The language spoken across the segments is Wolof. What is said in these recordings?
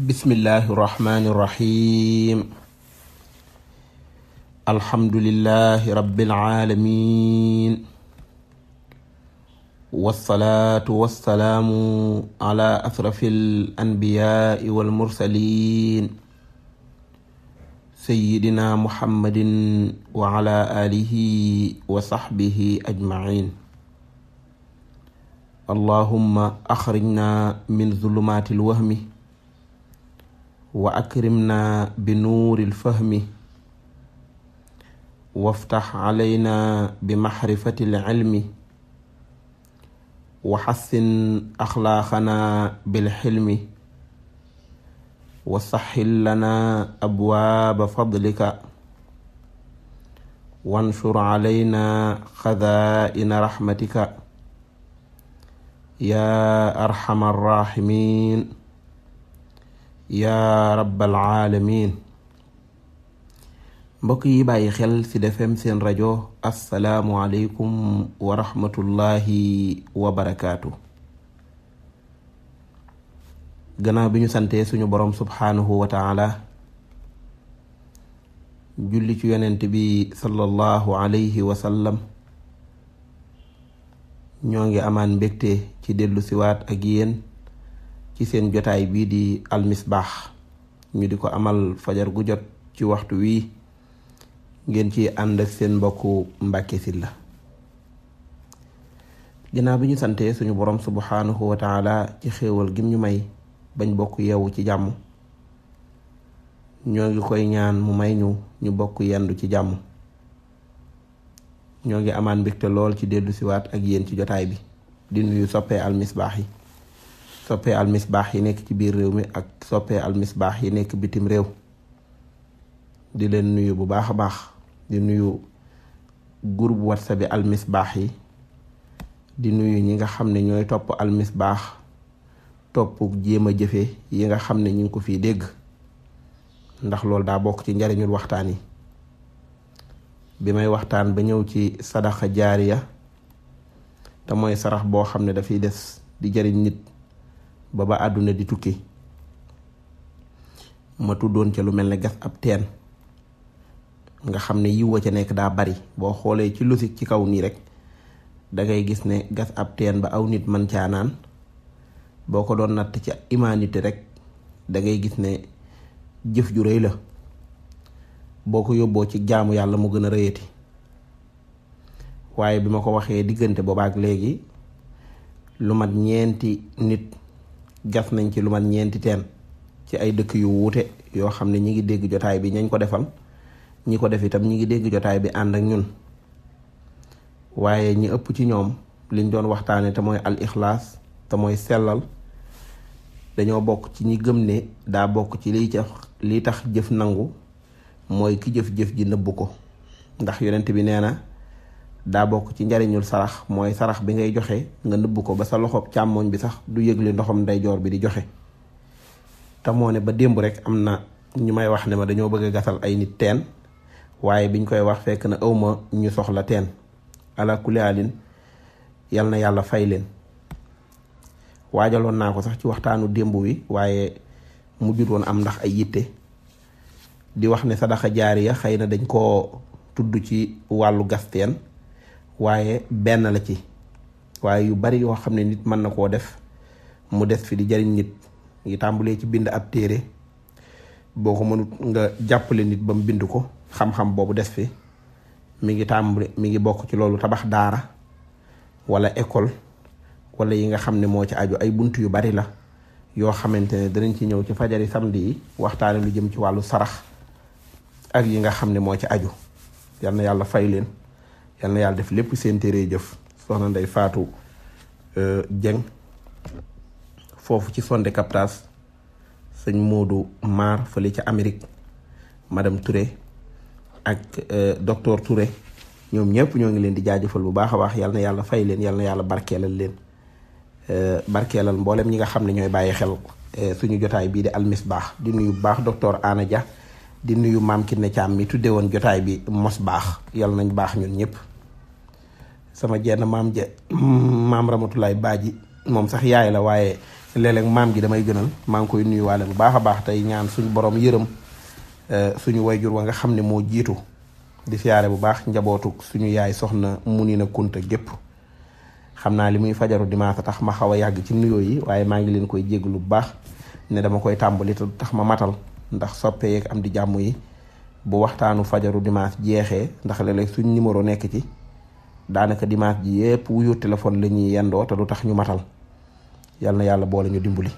bismillahi irrahmani irrahim alhamdulilahi rabiilalamin walsalaatu walsalaamu ala ashrafi alanbiyaai walmursalin sayidina muhammadin wa ala alihi wa saxbihi ajmain allahumma axrijna min zulumaati alwahmi wa akrimna bi nuuril fahmi waftax calayna bi maxrifati lcilmi wa xassin axlaaqana bilxilmi wa saxil lana abwaaba fadlika wansur calayna xadaa'ina raxmatika yaa arxama arraaximiin yaa rabbal aalamiin mbokk yi bàyyi xel ci Sud seen rajo asalaamualeykum wa rahmatullahi wa barakaatu. gannaaw bi ñu santee suñu borom subhaanahu wa taala julli ci yonent bi sallallahu alayhi wasalam ñoo ngi amaan mbekte ci dellu siwaat ak yéen seen jotaay bii di almisbaax ñu di ko amal fajar gu jot ci waxtu wii ngeen ci ànd ak seen mbokku Mbàkke la ginnaaw bi ñu santee suñu borom subhaanahu wa taala ci xéewal gim ñu may bañ bokk yeewu ci jàmm ñoo ngi koy ñaan mu may ñu ñu bokk yendu ci jàmm ñoo ngi amaan mbégte lool ci dellu siwaat ak yéen ci jotaay bi di nuyu soppee almisbaax yi soppee baax yi nekk ci biir réew mi ak soppee baax yi nekk bitim réew di leen nuyu bu baax a baax di nuyu gur groupe whatsapp bi baax yi di nuyu ñi nga xam ne ñooy topp baax topp jéem a jëfe yi nga xam ne ñu ngi ko fiy dégg ndax loolu daa bokk ci njariñul waxtaan yi bi may waxtaan ba ñëw ci sadaxa ya te mooy sarax boo xam ne dafay des di jariñ nit ba ba àdduna di tukki ma tuddoon ca lu mel ne gas ab teen nga xam ne yiw wa ca nekk daa bari boo xoolee ci lusik ci kaw nii rek dangay gis ne gas ab teen ba aw nit man caa naan boo ko doon natt ci humanité rek dangay gis ne jëf ju rëy la boo ko yóbboo ci jaamu yàlla mu gën a rëyati waaye bi ma ko waxee diggante boobaak léegi lu mat ñeenti nit gas nañ ci lu man ñeenti teen ci ay dëkk yu wuute yoo xam ne ñi ngi dégg jotaay bi ñañ ko defal ñi ko def itam ñi ngi dégg jotaay bi ànd ak ñun waaye ñi ëpp ci ñoom liñ doon waxtaane te mooy al ixlaas te mooy sellal dañoo bokk ci ñi gëm ne daa bokk ci li tax liy tax jëf nangu mooy ki jëf-jëf ji nëbb ko ndax yonent bi nee na daa bokk ci njariñul sarax mooy sarax bi ngay joxe nga nëbb ko ba sa loxoob càmmoñ bi sax du yëgle ndoxam ndeyjoor bi di joxe te moo ne ba démb rek am na ñu may wax ne ma dañoo bëgg gasal ay nit teen waaye biñ koy wax fekk na awma ñu soxla teen ala kulaalin yal na yàlla fay leen waajaloon naa ko sax ci waxtaanu démb wi waaye mu woon am ndax ay yitte di wax ne sadaxa ya xëy na dañ koo tudd ci wàllu gas teen waaye benn la ci waaye yu bari yoo xam ne nit mën na koo def mu des fi di jariñ nit ngi tàmbulee ci bind ab téere boo ko mënut nga jàppale nit ba mu bind ko xam-xam boobu des fi mi ngi tàmbule mi ngi bokk ci loolu tabax daara wala école wala yi nga xam ne moo ci aju ay bunt yu bari la yoo xamante ne danañ ci ñëw ci fajari samedi yi waxtaane lu jëm ci wàllu sarax ak yi nga xam ne moo ci aju yal yàlla fay leen yal na yàlla def lépp seen téere jëf soxna Ndeye faatu Dieng euh, foofu ci Sonde Captas sëñ Modou Mar fële ca Amérique madame Touré ak euh, docteur toure ñoom ñëpp ñoo ngi leen di jaajëfal bu baax a baax yal na yàlla fay leen yal na yàlla barkeelal leen euh, barkeelal mboolem ñi nga xam ne ñooy bàyyi xel suñu jotaay bii di baax di nuyu bu baax docteur Ana Dia di nuyu maam Kiné caam mi tudde woon jotaay bi mos baax yal nañ baax ñun ñëpp. sama jenn maam je maam Ramatulaay Baaji moom sax yaay la waaye léeg maam gi damay gënal maa ngi koy nuyuwaale bu baax a baax tey ñaan suñu borom yërëm e, suñu jur wa nga xam ne moo jiitu di siyaare bu baax njabootu suñu yaay soxna mu Munina Kunta gépp xam naa li muy fajaru dimanche tax ma xaw a yàgg ci nuyoo yi waaye maa ngi leen koy jéglu bu baax ne dama koy tàmbali te tax ma matal ndax soppe yeek am di jàmm yi bu waxtaanu fajaru dimanche jeexee ndax léeg-léeg numéro nekk ci daanaka dimanche ji yëpp wuyu téléphone la ñuy yendoo te du tax ñu matal yal na yàlla boole ñu dimbali.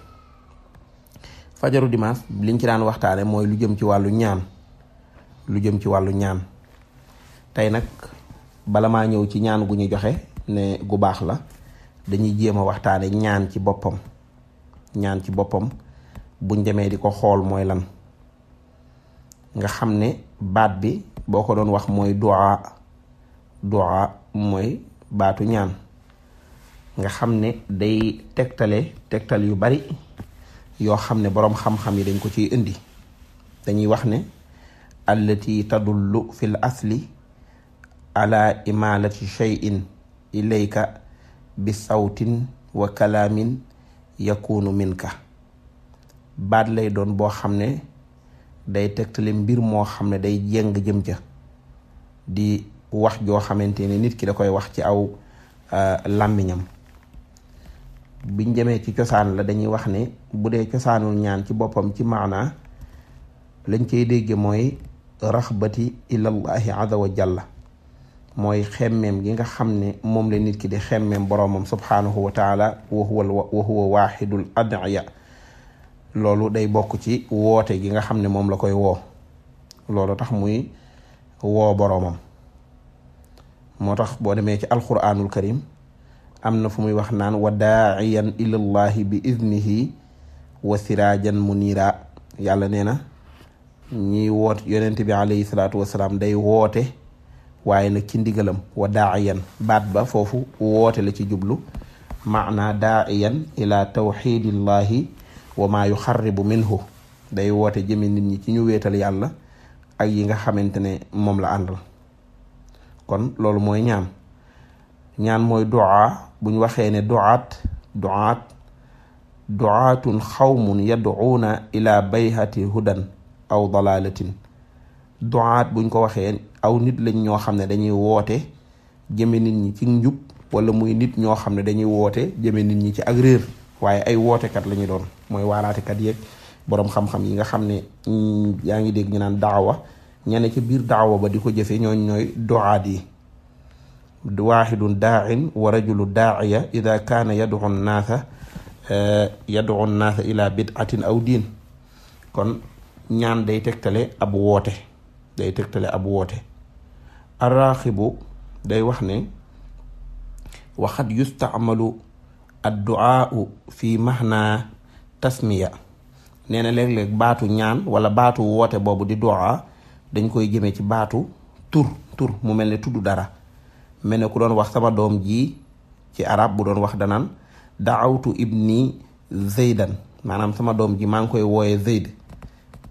fajaru dimaas liñ ci daan waxtaane mooy lu jëm ci wàllu ñaan lu jëm ci wàllu ñaan tey nag bala maa ñëw ci ñaan gu ñu joxe ne gu baax la dañuy jéem a waxtaane ñaan ci boppam ñaan ci boppam buñ demee di ko xool mooy lan nga xam ne baat bi boo ko doon wax mooy duwaa duwaa mooy baatu ñaan nga xam ne day tegtale tegtal yu bari yoo xam ne boroom xam-xam yi dañ ko ciy indi dañuy wax ne allati tadullu fi l asli ala imalati cheyin ilayka bi sawtin wa kalaamin yakunu minka baat lay doon boo xam ne day tegtale mbir moo xam ne day jéng jëm ca di wax joo xamante ne nit ki da koy wax ci aw euh, làmmiñam biñ demee ci cosaan la dañuy wax ne bu dee cosaanul ñaan ci boppam ci maanaa lañ cay dégge mooy raxbati ilallahi azza wa jalla mooy xemmeem gi nga xam ne moom la nit ki di xemmeem boroomam subhaanahu wa taala wa huwa wa loolu day bokk ci woote gi nga xam ne moom la koy woo loolu tax muy woo boroomam moo tax boo demee ci alquranul karim am na fu muy wax naan wa daaiyan ilallahi bi idnihi wa siraajan munira yàlla nee na ñiy woot yonent bi alayhi salaatu wasalaam day woote waaye nag ci ndigalam wa daaiyan baat ba foofu woote la ci jublu maana daaiyan ila tawxidillahi wa maa yuxarribu minhu day woote jëme nit ñi ci ñu wéetal yàlla ak yi nga xamante ne moom la àndal kon loolu mooy ñaan ñaan mooy duaa buñ waxee ne duaat duaat duaatun xawmun yaduuna ila bayhati hudan aw dalalatin duaat buñ ko waxee aw nit lañ ñoo xam ne dañuy woote jëme nit ñi ci njub wala muy nit ñoo xam ne dañuy woote jëme nit ñi ci ak réer waaye ay wootekat la doon mooy waaraatekat yeeg boroom xam-xam yi nga xam ne mm, yaa ngi dégg ñu naan daawa ñene ci biir daawa ba di ko jëfe ñooñ ñooy duaat yi waaxidun daain wa rajulu daaiya ida kaana yadu nnaasa eh, yadu nnaasa ila bidatin aw diin kon ñaan day tegtale ab woote day tegtale ab woote day wax ne waxat yustaamalu adduaau fi na tasmiya nee na léeg baatu ñaan wala baatu woote boobu di duaa dañ koy jëmee ci baatu tur tur mu mel ne tudd dara mel ne ku doon wax sama doom ji ci arab bu doon wax danaan daawtu ibni zeydan maanaam sama doom ji maa ngi koy wooyee zeyd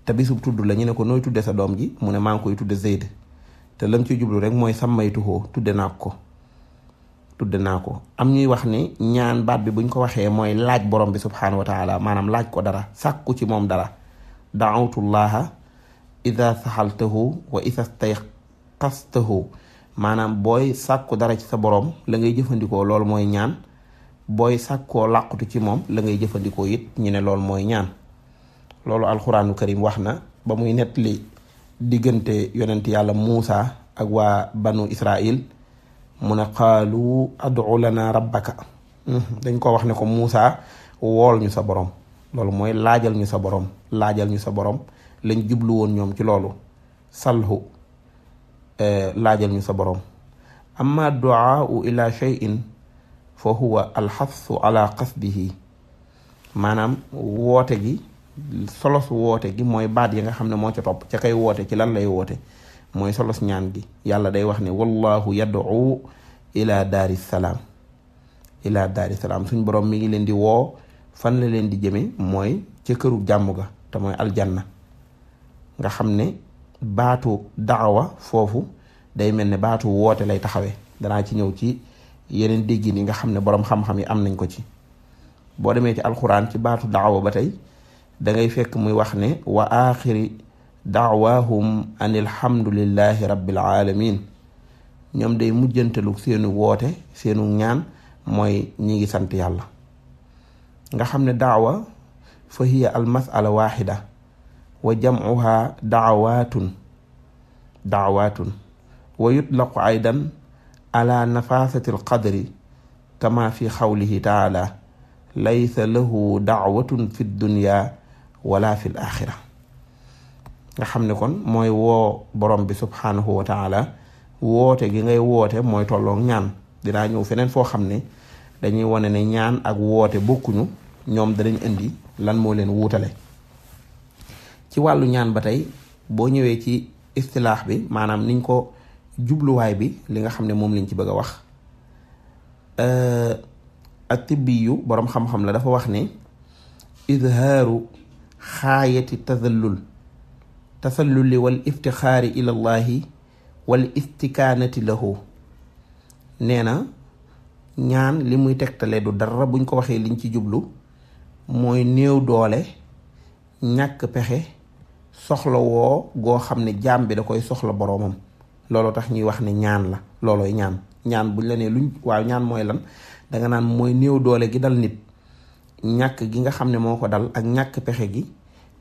te bisub tudd la ñu ne ko nooy tudde sa doom ji mu ne maa ngi koy tudde zeyd te lam ci jublu rek mooy sàmmaytuhoo tudde naa ko tudde naa ko am ñuy wax ni ñaan baat bi buñ ko waxee mooy laaj borom bi subhanahu wa taala maanaam laaj ko dara sàkku ci moom dara daawtullaha ida saxaltahu wa isa stayqastahu maanaam booy sàkku dara ci sa borom la ngay jëfandikoo loolu mooy ñaan booy sàkkoo làqutu ci moom la ngay jëfandikoo yit ñu ne loolu mooy ñaan loolu alxuraanu karim wax na ba muy nettali diggante yonent yàlla Muusa ak waa banu Israil mu ne qaalu adu lana hmm, dañ ko wax ne ko Muusa wool ñu sa borom loolu mooy laajal ñu sa borom laajal ñu sa borom lañ jubluwoon ñoom ci loolu salhu eh, laajal ñu sa boroom amma duaau ila cheyin fa huwa alxassu ala qasdihi maanaam woote gi solos woote gi mooy baat yi nga xam ne moo ca topp ca woote ci lan lay woote mooy solos ñaan gi yàlla day wax ne wallahu yad'u ila daari salaam ila daari salaam suñ borom mi ngi leen di woo fan la leen di jëme mooy ca këru jàmm ga te mooy aljanna nga xam ne baatu daawa foofu day mel ne baatu woote lay taxawe danaa ci ñëw ci yeneen déggin yi nga xam ne boroom xam-xam yi am nañ ko ci boo demee ci alxuraan ci baatu daawa ba tey dangay fekk muy wax ne wa axiri daawahum an alhamdulillahi rabbil alamin ñoom day mujjantalu seenu woote seenu ñaan mooy ñi ngi sant yàlla nga xam ne daawa fa hiya al waxida wa jamcuha dacwaatun dacwaatun wa yutlaqu aydan ala nafaasati alqadri kama fi xawlihi taala laysa lahu dacwatun fi dunya wala fi alaxira nga xam ne kon mooy woo borom bi subhaanahu wa taala woote gi ngay woote mooy tolloo ñaan dinaa ñëw feneen foo xam ne dañuy wane ne ñaan ak woote bokkuñu ñoom danañ indi lan moo leen wuutale ci wàllu ñaan ba tey boo ñëwee ci istilaax bi maanaam niñ ko jubluwaay bi li nga xam ne moom lañ ci bëgg a wax euh, atibbiyu boroom xam-xam la dafa wax ne izhaaru xaayati tazallul tasalluli wal iftixaari ilallahi wal istikaanati lahu nee na ñaan li muy tegtale du dara buñ ko waxee liñ ci jublu mooy néew doole ñàkk pexe soxlawoo goo xam ne jaam bi da koy soxla boroomam looloo tax ñuy wax ne ñaan la loolooy ñaan ñaan buñ la nee luñ waaw ñaan mooy lan danga naan mooy néew doole gi dal nit ñàkk gi nga xam ne moo ko dal ak ñàkk pexe gi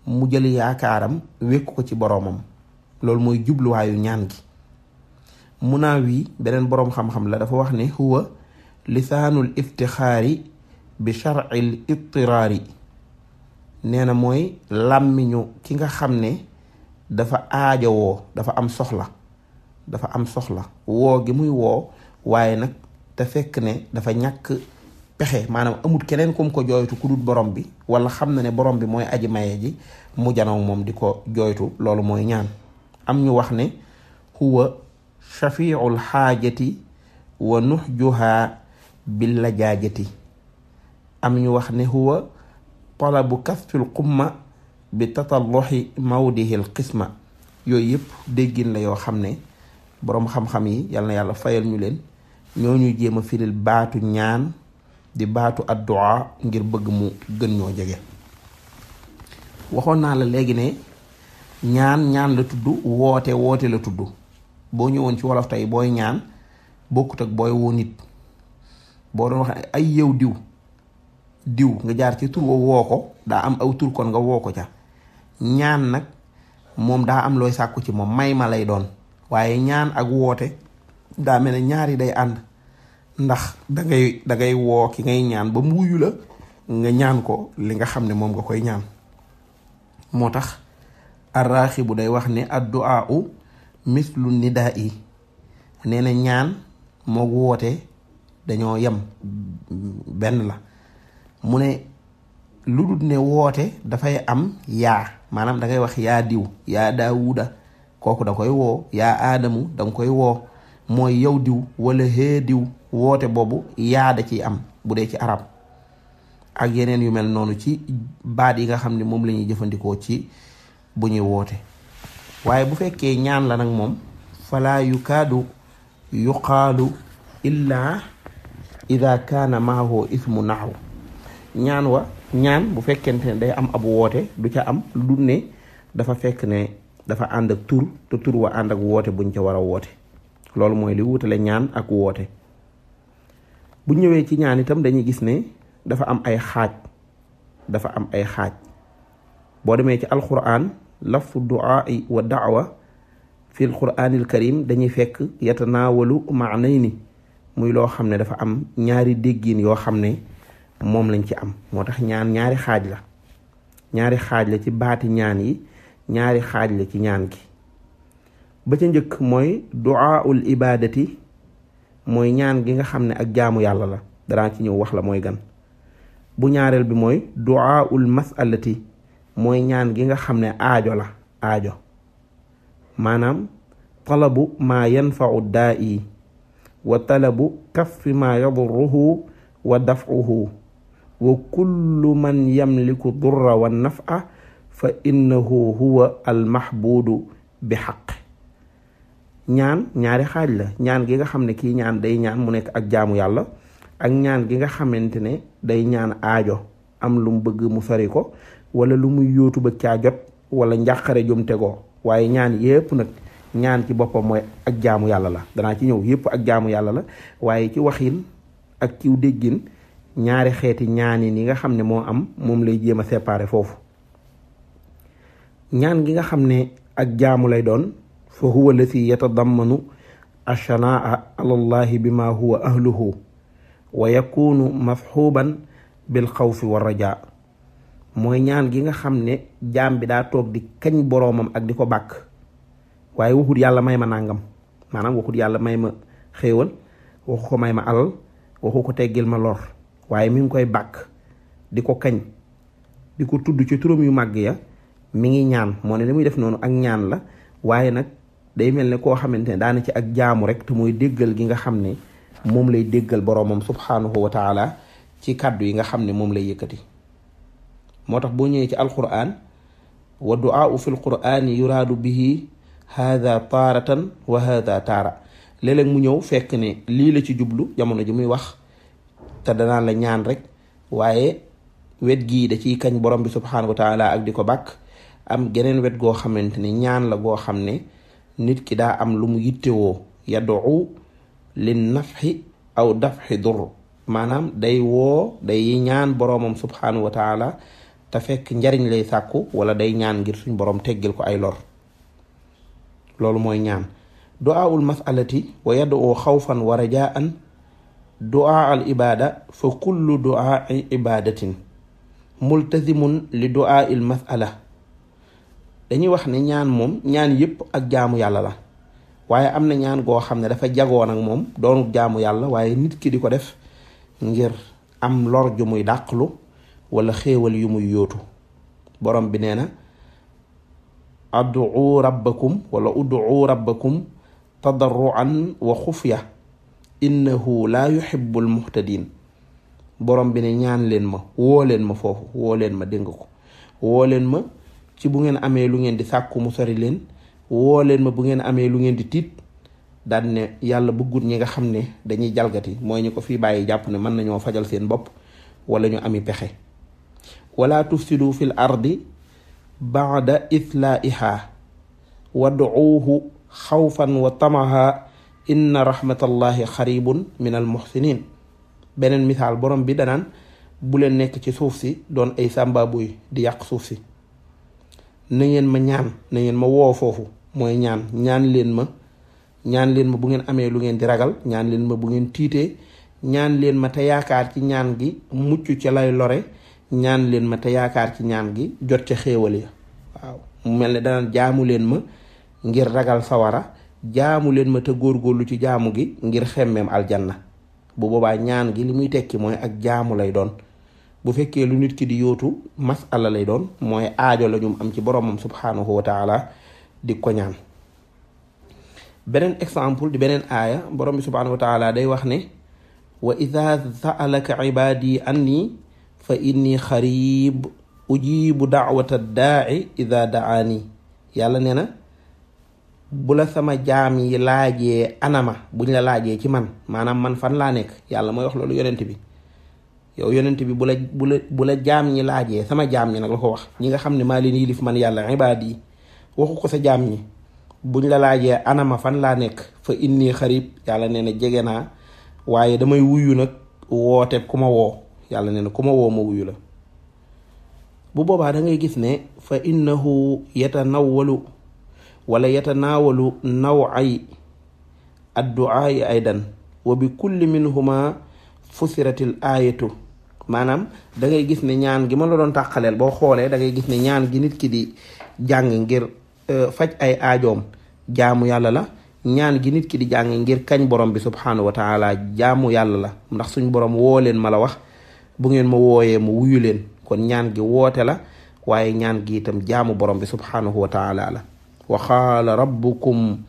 mu jël yaakaaram wékk ko ci boroomam loolu mooy jubluwaayu ñaan gi munaawi beneen boroom xam-xam la dafa wax ne huwa lisaanul iftixaari bi char'il ittiraari nee na mooy làmmiñu ki nga xam ne dafa aajowoo dafa am soxla dafa am soxla woo gi muy woo waaye nag te fekk ne dafa ñàkk pexe maanaam amut keneen kum ko jooytu ku borom bi wala xam na ne borom bi mooy aji maye ji mu janow moom di ko jooytu loolu mooy ñaan am ñu wax ne huwa shafiul xaajati wa nuxjuha billa jaajati am ñu wax ne huwa talabu kasfil xumma bi tatalloxi mawdihil xisma yooyu yëpp déggin la yoo xam ne boroom xam-xam yi yal na yàlla fayal ñu leen ñoo ñu jéem a firil baatu ñaan di baatu addua ngir bëgg mu gën ñoo jege waxoon naa la léegi ne ñaan ñaan la tudd woote woote la tudd boo ñëwoon ci wolof tey booy ñaan bokkut ak booy woo nit boo doon wax ay yow diw diw nga jaar ci tur woo woo ko daa am aw tur kon nga woo ko ca ñaan nag moom daa am looy sàkku ci moom may ma lay doon waaye ñaan ak woote daa mel ne ñaari day ànd ndax da woo ki ngay ñaan ba mu wuyu la nga ñaan ko li nga xam ne moom nga koy ñaan moo tax arraaxi bu day wax ne adduaa u lu nidaa yi nee na ñaan moo woote dañoo yem benn la mu ne lu dul ne woote dafay am yaa maanaam da ngay wax yaa diw yaa daawuda kooku da koy woo yaa aadamu da koy woo mooy yow diw wala hee diw woote boobu yaa da ciy am bu dee ci arab ak yeneen yu mel noonu ci baat yi nga xam ne moom la ñuy jëfandikoo ci bu ñuy woote waaye bu fekkee ñaan la nag moom falaa yukaadu yuqaalu illaa ida kaana maahu ismu naxaw ñaan wa ñaan bu fekkente ne day am ab woote du ca am lu dul ne dafa fekk ne dafa ànd ak tur te tur wa ànd ak woote buñ ca war a woote loolu mooy li wutale ñaan ak woote bu ñëwee ci ñaan itam dañuy gis ne dafa am ay xaaj dafa am ay xaaj boo demee ci alquran laftu duaai wa daawa fi alquranil karim dañuy fekk yatanaawalu maanay ni muy loo xam ne dafa am ñaari déggin yoo xam ne moom lañ ci am moo tax ñaan ñaari xaaj la ñaari xaaj la ci baati ñaan yi ñaari xaaj la ci ñaan gi ba ca njëkk mooy du'aul ibadati mooy ñaan gi nga xam ne ak jaamu yàlla la danaa ci ñëw wax la mooy gan bu ñaareel bi mooy du'aul masalati mooy ñaan gi nga xam ne aajo la aajo maanaam talabu maa yanfau daa i wa talabu kaffi maa yadurruhu wa daf'uhu wa kullu man yamliku durra wa a fa innahu huwa almahbudu bi xaq ñaan ñaari xaaj la ñaan gi nga xam ne ki ñaan day ñaan mu nekk ak jaamu yàlla ak ñaan gi nga xamante ne day ñaan aajo am lu mu bëgg mu sori ko wala lu muy yóotu ba caa jot wala njàqare jum tegoo waaye ñaan yépp nag ñaan ci boppam mooy ak jaamu yàlla la danaa ci ñëw yépp ak jaamu yàlla la waaye ci waxin ak ciw déggin ñaari xeeti ñaani ni nga xam ne moo am moom lay jéem a séparer foofu ñaan gi nga xam ne ak jaamu lay doon fa huwa allati yatadammanu alshanaa ala allahi bima huwa ahluhu wa yakunu masxuuban bil war a jaa mooy ñaan gi nga xam ne jaam bi daa toog di kañ boroomam ak di ko bàkk waaye waxut yàlla may ma nàngam maanaam waxut yàlla may ma xéewal waxu ko may ma alal waxu ko teggil ma lor waaye mi ngi koy bakk di ko kañ di ko tudd ci turam yu màgg ya mi ngi ñaan moo ne li muy def noonu ak ñaan la waaye nag day mel ne koo xamante ne daana ci ak jaamu rek te mooy déggal gi nga xam ne moom lay déggal boroomam subhaanahu wa taala ci kàddu yi nga xam ne moom lay yëkkati moo tax boo ñëwee ci alquran wa duaau fi lqurani yuraadu bihi haada taaratan wa haada taara léeg mu ñëw fekk ne lii la ci jublu jamono ji muy wax te danaan la ñaan rek waaye wet gii da ciy kañ borom bi subxanahu wa taala ak di ko bàkk am geneen wet goo xamante ne ñaan la goo xam ne nit ki daa am lu mu yittewoo yad'u lin xi aw dafxi dur maanaam day woo day ñaan boromam subxanahu wa taala te fekk njariñ lay sàkku wala day ñaan ngir suñ borom teggil ko ay lor loolu mooy ñaan du'aawul mas'alati wa yad'u xawfan wa rajaan duaa al ibaada fa kullu duaai ibaadatin multazimun li duaa il masala dañuy wax ne ñaan moom ñaan yëpp ak jaamu yàlla la waaye am na ñaan goo xam ne dafa jagoon ak moom doon jaamu yàlla waaye nit ki di ko def ngir am lor ju muy dàqlu wala xéewal yu muy yootu boroom bi nee na ad'u rabbakum wala ud'u rabbakum tadarruan wa xufya innahu laa yuhibbul muhtadin borom bi ne ñaan leen ma woo leen ma foofu woo leen ma dégg ko woo leen ma ci bu ngeen amee lu ngeen di sàkku mu sori leen woo leen ma bu ngeen amee lu ngeen di tiit daan yàlla bëggut ñi nga xam ne dañuy jalgati mooy ñu ko fi bàyyi jàpp ne mën nañoo fajal seen bopp wala ñu ami pexe wala tufsidu fil ardi baada islaiha wad'uuhu xawfan wa tamaha inna rahmatallahi xaribun min al muxsinin beneen misaal borom bi danaan bu leen nekk ci suuf si doon ay sàmbaabuy di yàq suuf si na ngeen ma ñaan na ngeen ma woo foofu mooy ñaan ñaan leen ma ñaan leen ma bu ngeen amee lu ngeen di ragal ñaan leen ma bu ngeen tiitee ñaan leen ma te yaakaar ci ñaan gi mucc ca lay lore ñaan leen ma te yaakaar ci ñaan gi jot ca xéewal ya waaw mel ne dana jaamu leen ma ngir ragal sawara jaamu leen ma te góorgóorlu ci jaamu gi ngir xemmeem aljanna bu boobaa ñaan gi li muy tekki mooy ak jaamu lay doon bu fekkee lu nit ki di yootu masala lay doon mooy aajo la ñu am ci boromam subhaanahu wa taala di ko ñaan beneen exemple di beneen aaya borom mi subhaanahu wa taala day wax ne wa ida saalaka ibaadi anni fa inni xarib ujibu daawata daaci ida daani yàlla nee na bu la sama jaam yi laajee anama ñu la laajee ci man maanaam man fan laa nekk yàlla mooy wax loolu yonent bi yow yonent bi bu la bu la bu la jaam ñi laajee sama jaam ñi nag la ko wax ñi nga xam ne maa leen yilif man yàlla ibaad yi waxu ko sa jaam ñi buñ la laajee anama fan laa nekk fa inni xarib yàlla nee na jege naa waaye damay wuyu nag woote ku ma woo yàlla nee na ku ma woo ma wuyu la bu boobaa da gis ne fa innahu yatanawwalu wala yatanaawalu naway adduaai aydan wa bi kulli minhuma fusiratil aayatu maanaam da ngay gis ne ñaan gi ma la doon tàqaleel boo xoolee da ngay gis ne ñaan gi nit ki di jàng ngir e, faj ay aajoom jaamu yàlla la ñaan gi nit ki di jàng ngir kañ borom bi subhaanahu wa jaamu yàlla la ndax suñ borom woo leen ma la wax bu ngeen ma wooyee mu wuyu leen kon ñaan gi woote la waaye ñaan gi jaamu borom bi subhaanahu wa taala la wa qaala rabbukum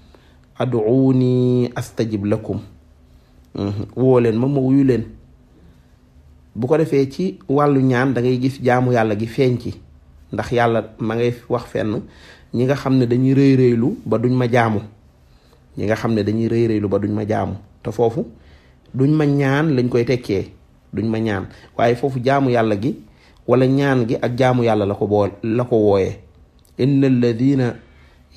ad'uuni astajib lakum mhm. woo leen ma ma wuyu leen bu ko defee ci wàllu ñaan da ngay gis jaamu yàlla gi feeñ ci ndax yàlla ma ngay wax fenn ñi nga xam ne dañuy rëy rëylu ba duñ ma jaamu ñi nga xam ne dañuy rëy ba duñ ma jaamu te foofu duñ ma ñaan lañ koy tekkee duñ ma ñaan waaye foofu jaamu yàlla gi wala ñaan gi ak jaamu yàlla la ko bool la ko wooyee inna alladina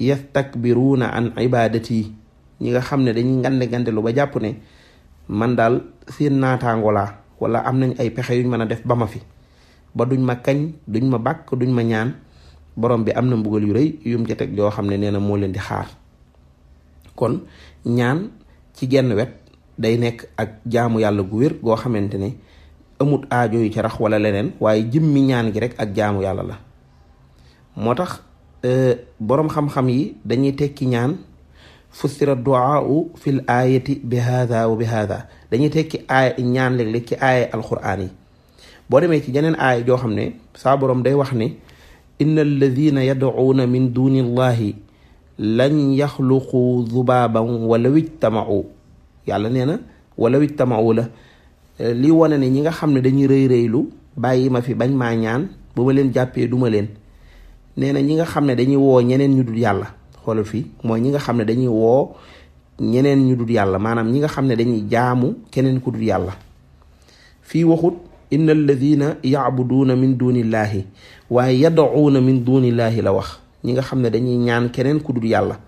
yastakbiruuna an ibadati ñi nga xam ne dañuy ngande ngande lu ba jàpp ne man daal seen naataango laa wala am nañ ay pexe yuñ mën a def ba ma fi ba duñ ma kañ duñ ma bàkk duñ ma ñaan borom bi am na mbugal yu rëy yum ca teg yoo xam ne nee na moo leen di xaar kon ñaan ci genn wet day nekk ak jaamu yàlla gu wér goo xamante ne amut aajo yu ci rax wala leneen waaye jëmmi ñaan gi rek ak jaamu yàlla la Euh, boroom xam-xam yi dañuy tekki ñaan fustira duaau fil ayati bi hada wa bi hada dañuy tekki aaya ñaan léeg-léeg alquraan yi boo demee ci jeneen aaya joo xam ne saa boroom day wax ne inna alladina yadcuuna min duni illahi lan yaxluqu zubaaban walaw ijtamau yàlla nee na walaw ijtamau la li wane ne ñi nga xam ne dañuy rëy rëylu bàyyi ma fi bañ maa ñaan bu ma leen jàppee duma leen nee na ñi nga xam ne dañuy woo ñeneen ñu dul yàlla xoolal fii mooy ñi nga xam ne dañuy woo ñeneen ñu yàlla maanaam ñi nga xam ne dañuy jaamu keneen ku yàlla fii waxut inna alladina yacbuduuna min dunillahi waaye yadacuuna min dunillahi la wax ñi nga xam ne dañuy ñaan keneen ku dul yàlla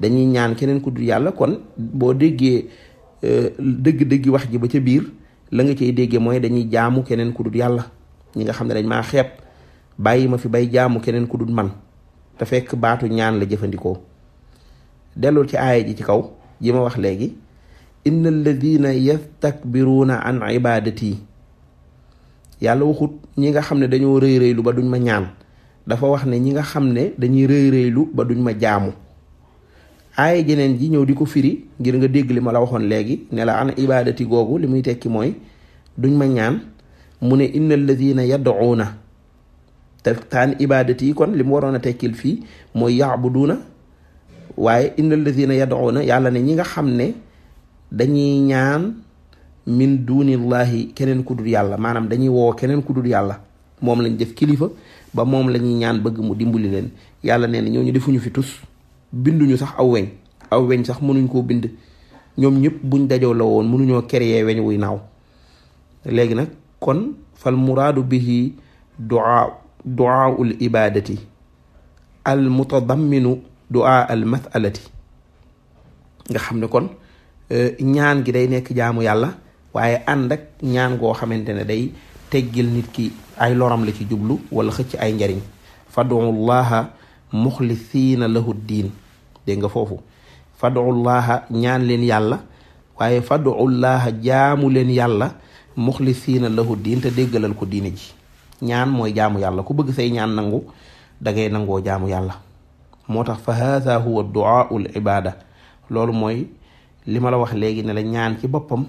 dañuy ñaan keneen ku yàlla kon boo déggee euh, dëgg-dëgg wax ji ba ca biir la nga cay déggee mooy dañuy jaamu keneen ku yàlla ñi nga xam ne dañ maa xeeb bàyyi ma fi bay jaamu keneen ku du man te fekk baatu ñaan la jëfandikoo dellul ci aaya ji ci kaw ji ma wax léegi inna alladina yastakbiruuna an ibadati yàlla waxut ñi nga xam ne dañoo rëy rëylu ba duñ ma ñaan dafa wax ne ñi nga xam ne dañuy rëy rëylu ba duñ ma jaamu aaya jeneen ji ñëw di ko firi ngir nga dégg li ma la waxoon léegi ne la an ibadati googu li muy tekki mooy duñ ma ñaan mu ne inna alladina na te taan ibadati yi kon li mu waroon a tekkil fii mooy bu na waaye na lazina yad'uuna yàlla ne ñi nga xam ne dañuy ñaan min dunillahi keneen ku yàlla maanaam dañuy woo keneen ku dul yàlla moom lañ def kilifa ba moom la ñuy ñaan bëgg mu dimbali leen yàlla nee na ñu defuñu fi tus binduñu sax aw weñ aw weñ sax mënuñ koo bind ñoom ñëpp buñ dajoo la woon mënuñoo créer weñ wuy naaw léegi nag kon fal muraadu bihi duaa duaa ul ibaadati al mutadamminu duaa al masalati nga xam ne kon eh, ñaan gi day nekk jaamu yàlla waaye ànd ak ñaan goo xamante ne day teggil nit ki ay loram la ci jublu wala xëcc ay njariñ fadu llaha muxlisiina lahu diin dégg nga foofu fadu llaha ñaan leen yàlla waaye fadu llaha jaamu leen yàlla muxlisiina lahu diin te déggalal ko diine ji ñaan mooy jaamu yàlla ku bëgg say ñaan nangu dangay nangoo jaamu yàlla moo tax fa haada huwa duaul ibada loolu mooy li ma la wax léegi ne la ñaan ci boppam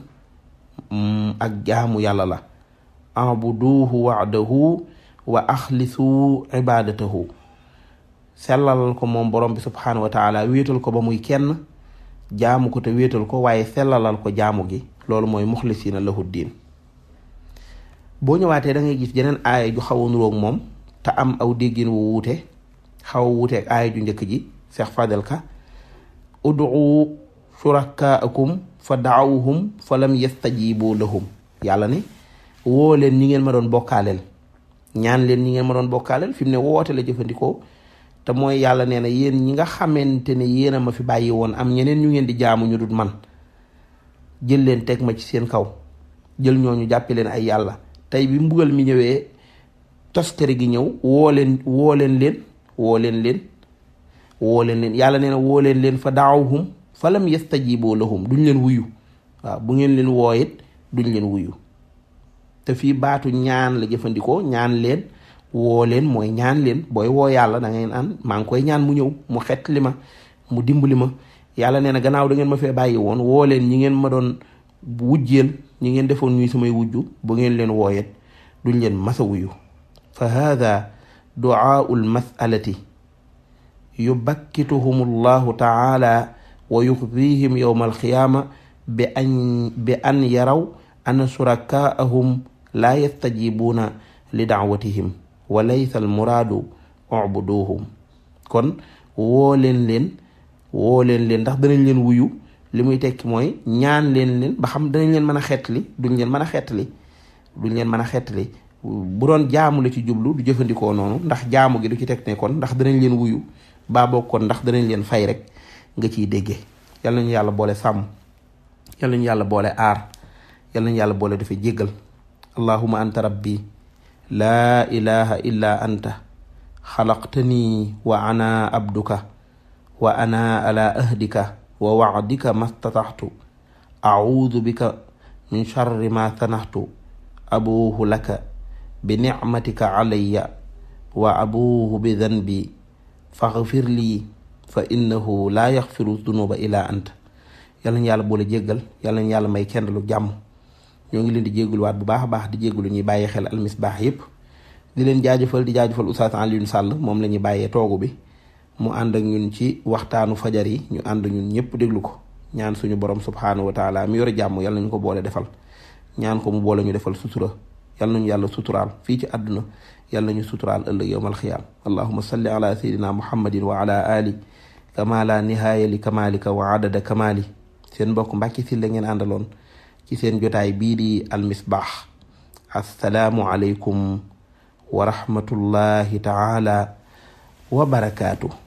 mm, ak jaamu yàlla la abuduhu wa'dahu wa axlisu ibadatahu sellalal ko moom borom bi subhanahu wa taala wéetal ko ba muy kenn jaamu ko te wéetal ko waaye sellalal ko jaamu gi loolu mooy muxlisina lahu diin boo ñëwaatee da ngay gis jeneen aaya ju xawoon nurook moom te am aw déggin wu wuute xaw a wuuteeg ju njëkk ji Cheikh Fadel Ka ud'u shurakaakum fa daawuhum fa lam yastajibu lahum yàlla ne woo leen ñi ngeen ma doon bokkaaleel ñaan leen ñi ngeen ma bokkaaleel fi mu ne woote jëfandikoo te yàlla nee na yéen ñi nga xamante ne yéen a ma fi bàyyi woon am ñeneen ñu ngeen di jaamu ñu dut man jël leen teg ma ci seen kaw jël ñoo ñu jàppe leen ay yàlla tey bi mbugal mi ñëwee toskere gi ñëw woo leen woo leen leen woo leen leen woo leen leen yàlla nee na woo leen leen fa falam fa lam yastajibu lahum duñ leen wuyu waaw bu ngeen leen wooyit duñ leen wuyu te fii baatu ñaan la jëfandikoo ñaan leen woo leen mooy ñaan leen booy woo yàlla da ngeen an maa ngi koy ñaan mu ñëw mu xet li ma mu dimbali ma yàlla nee na gannaaw da ngeen ma fee bàyyi woon woo leen ñi ngeen ma doon wujjeen ñi ngeen defoon ñuy samay wujju bu ngeen leen wooyet duñ leen masa wuyu fa haada duaau lmasalati yubakkituhum allahu taala wa yuxdihim yowma alqiyaama bi an bi an yaraw an surakaahum laa yastajibuuna li daawatihim wa almuraadu ubuduhum kon woo leen leen leen leen ndax danañ leen wuyu li muy tekki mooy ñaan leen leen ba xam danañ leen mën a xeetli duñ leen mën a xeetli duñ leen mën a xeetli bu doon jaamu la ci jublu du jëfandikoo noonu ndax jaamu gi du ci teg ne kon ndax danañ leen wuyu baa bokkoon ndax danañ leen fay rek nga ciy dégge yal nañu yàlla boole sàmm yal nañu yàlla boole aar yal nañu yàlla boole dafa jéggal allahuma anta rabbi laa ilaha illa anta xalaqtani wa ana abduka wa ana ala ahdika wa wacdika mastataxtu acuudu bika min charri ma sanaxtu abuuhu laka bi nicmatika calaya wa abuuhu bi danbi faxfir lii fa innahu laa yaxfiru dunuba ila anta yàlla ñu yàlla boole jéggal yàlla ñu may kenn lu jàmm ñoo ngi leen di jégaluwaat bu baax a baax di jégalu ñuy bàyyi xel baax yépp di leen jaajëfal di jaajëfal Oustaz Alioune sàll moom la ñuy bàyyee toogu bi mu ànd ak ñun ci waxtaanu fajar yi ñu ànd ñun ñëpp déglu ko ñaan suñu borom subhaanahu wa taala mi yore jàmm yal nañu ko boole defal ñaan ko mu boole ñu defal sutura yal nañu yàlla suturaal fii ci àdduna yal nañu suturaal ëllëg yowmal xiyaam allahuma salli ala sayidina muhammadin wa ala ali kama la nihaaya li kamalika wa adada kamali seen mbokk Mbàkke Sylla la ngeen àndaloon ci seen jotaay bii di almisbaax assalaamu aleykum wa rahmatullahi taala wa